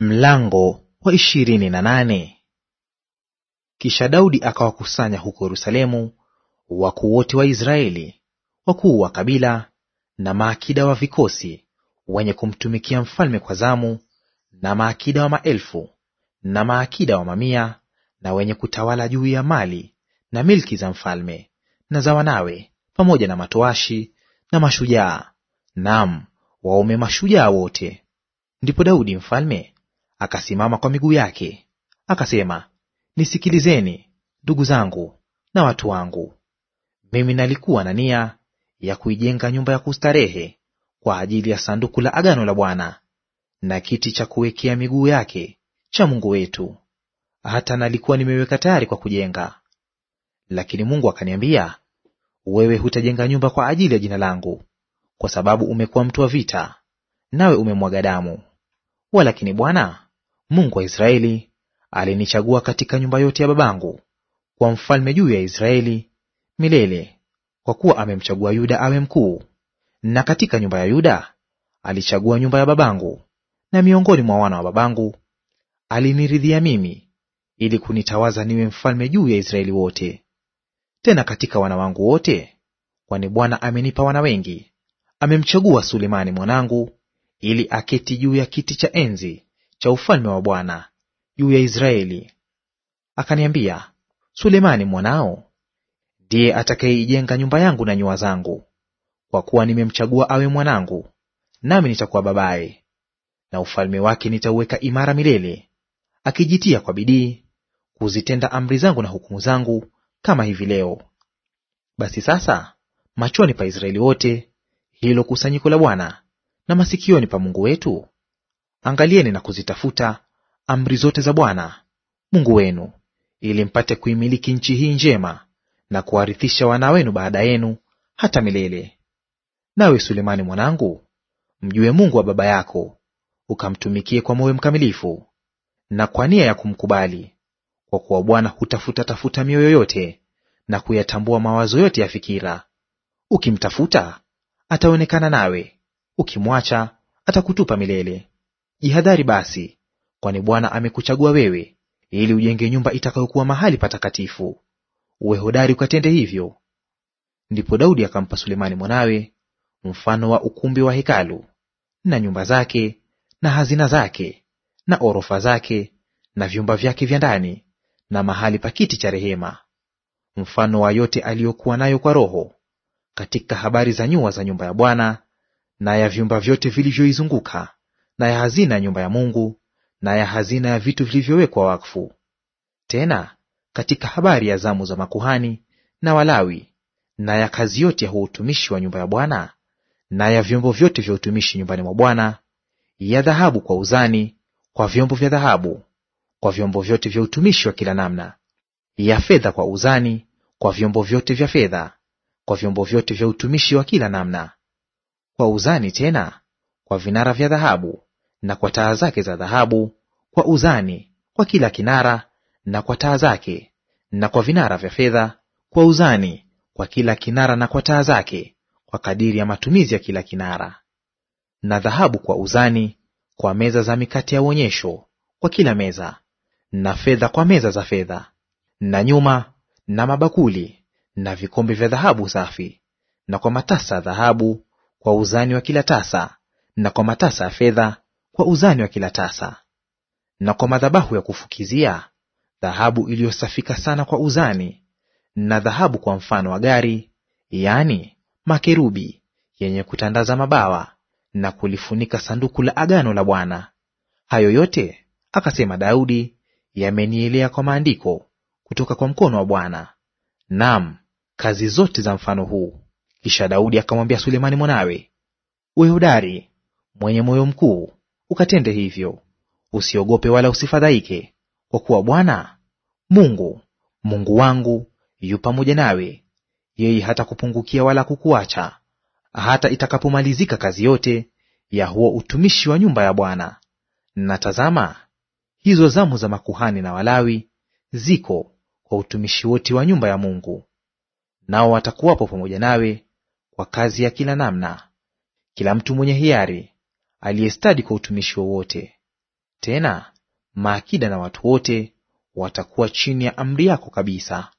Mlango wa ishirini na nane. Kisha Daudi akawakusanya huko Yerusalemu wakuu wote wa Israeli, wakuu wa kabila na maakida wa vikosi, wenye kumtumikia mfalme kwa zamu, na maakida wa maelfu na maakida wa mamia, na wenye kutawala juu ya mali na milki za mfalme na za wanawe, pamoja na matoashi na mashujaa, naam, waume mashujaa wote. Ndipo Daudi mfalme akasimama kwa miguu yake, akasema, nisikilizeni ndugu zangu na watu wangu, mimi nalikuwa na nia ya kuijenga nyumba ya kustarehe kwa ajili ya sanduku la agano la Bwana na kiti cha kuwekea miguu yake cha Mungu wetu, hata nalikuwa nimeweka tayari kwa kujenga. Lakini Mungu akaniambia, wewe hutajenga nyumba kwa ajili ya jina langu, kwa sababu umekuwa mtu wa vita, nawe umemwaga damu. Walakini Bwana Mungu wa Israeli alinichagua katika nyumba yote ya babangu kwa mfalme juu ya Israeli milele, kwa kuwa amemchagua Yuda awe mkuu. Na katika nyumba ya Yuda alichagua nyumba ya babangu, na miongoni mwa wana wa babangu aliniridhia mimi, ili kunitawaza niwe mfalme juu ya Israeli wote. Tena katika wana wangu wote, kwani Bwana amenipa wana wengi, amemchagua Sulemani mwanangu, ili aketi juu ya kiti cha enzi cha ufalme wa Bwana juu ya Israeli. Akaniambia, Sulemani mwanao ndiye atakayeijenga nyumba yangu na nyua zangu, kwa kuwa nimemchagua awe mwanangu, nami nitakuwa babaye, na ufalme wake nitauweka imara milele, akijitia kwa bidii kuzitenda amri zangu na hukumu zangu kama hivi leo. Basi sasa, machoni pa Israeli wote hilo kusanyiko la Bwana na masikioni pa Mungu wetu angalieni na kuzitafuta amri zote za Bwana Mungu wenu, ili mpate kuimiliki nchi hii njema na kuwarithisha wana wenu baada yenu hata milele. Nawe Sulemani mwanangu, mjue Mungu wa baba yako, ukamtumikie kwa moyo mkamilifu na kwa nia ya kumkubali, kwa kuwa Bwana hutafuta tafuta mioyo yote na kuyatambua mawazo yote ya fikira. Ukimtafuta ataonekana nawe, ukimwacha atakutupa milele. Jihadhari basi, kwani Bwana amekuchagua wewe ili ujenge nyumba itakayokuwa mahali patakatifu. Uwe hodari ukatende hivyo. Ndipo Daudi akampa Sulemani mwanawe mfano wa ukumbi wa hekalu na nyumba zake na hazina zake na orofa zake na vyumba vyake vya ndani na mahali pa kiti cha rehema, mfano wa yote aliyokuwa nayo kwa roho katika habari za nyua za nyumba ya Bwana na ya vyumba vyote vilivyoizunguka na ya hazina ya nyumba ya Mungu na ya hazina ya vitu vilivyowekwa wakfu. Tena katika habari ya zamu za makuhani na Walawi na ya kazi yote ya utumishi wa nyumba ya Bwana na ya vyombo vyote vya utumishi nyumbani mwa Bwana, ya dhahabu kwa uzani, kwa vyombo vya dhahabu, kwa vyombo vyote vya utumishi wa kila namna, ya fedha kwa uzani, kwa vyombo vyote vya fedha, kwa vyombo vyote vya utumishi wa kila namna, kwa uzani tena, kwa vinara vya dhahabu, na kwa taa zake za dhahabu, kwa uzani, kwa kila kinara na kwa taa zake, na kwa vinara vya fedha, kwa uzani, kwa kila kinara na kwa taa zake, kwa kadiri ya matumizi ya kila kinara; na dhahabu kwa uzani, kwa meza za mikate ya uonyesho, kwa kila meza; na fedha kwa meza za fedha, na nyuma, na mabakuli, na vikombe vya dhahabu safi, na kwa matasa ya dhahabu, kwa uzani wa kila tasa, na kwa matasa ya fedha kwa uzani wa kila tasa, na kwa madhabahu ya kufukizia dhahabu iliyosafika sana kwa uzani, na dhahabu kwa mfano wa gari, yaani makerubi yenye kutandaza mabawa, na kulifunika sanduku la agano la Bwana. Hayo yote akasema Daudi, yamenielea kwa maandiko kutoka kwa mkono wa Bwana, nam kazi zote za mfano huu. Kisha Daudi akamwambia Sulemani mwanawe, uwe hodari, mwenye moyo mkuu, ukatende hivyo. Usiogope wala usifadhaike, kwa kuwa Bwana Mungu, Mungu wangu yu pamoja nawe; yeye hatakupungukia wala kukuacha, hata itakapomalizika kazi yote ya huo utumishi wa nyumba ya Bwana. Na tazama, hizo zamu za makuhani na Walawi ziko kwa utumishi wote wa nyumba ya Mungu, nao watakuwapo pamoja nawe kwa kazi ya kila namna, kila mtu mwenye hiari aliyestadi kwa utumishi wowote. Tena maakida na watu wote watakuwa chini ya amri yako kabisa.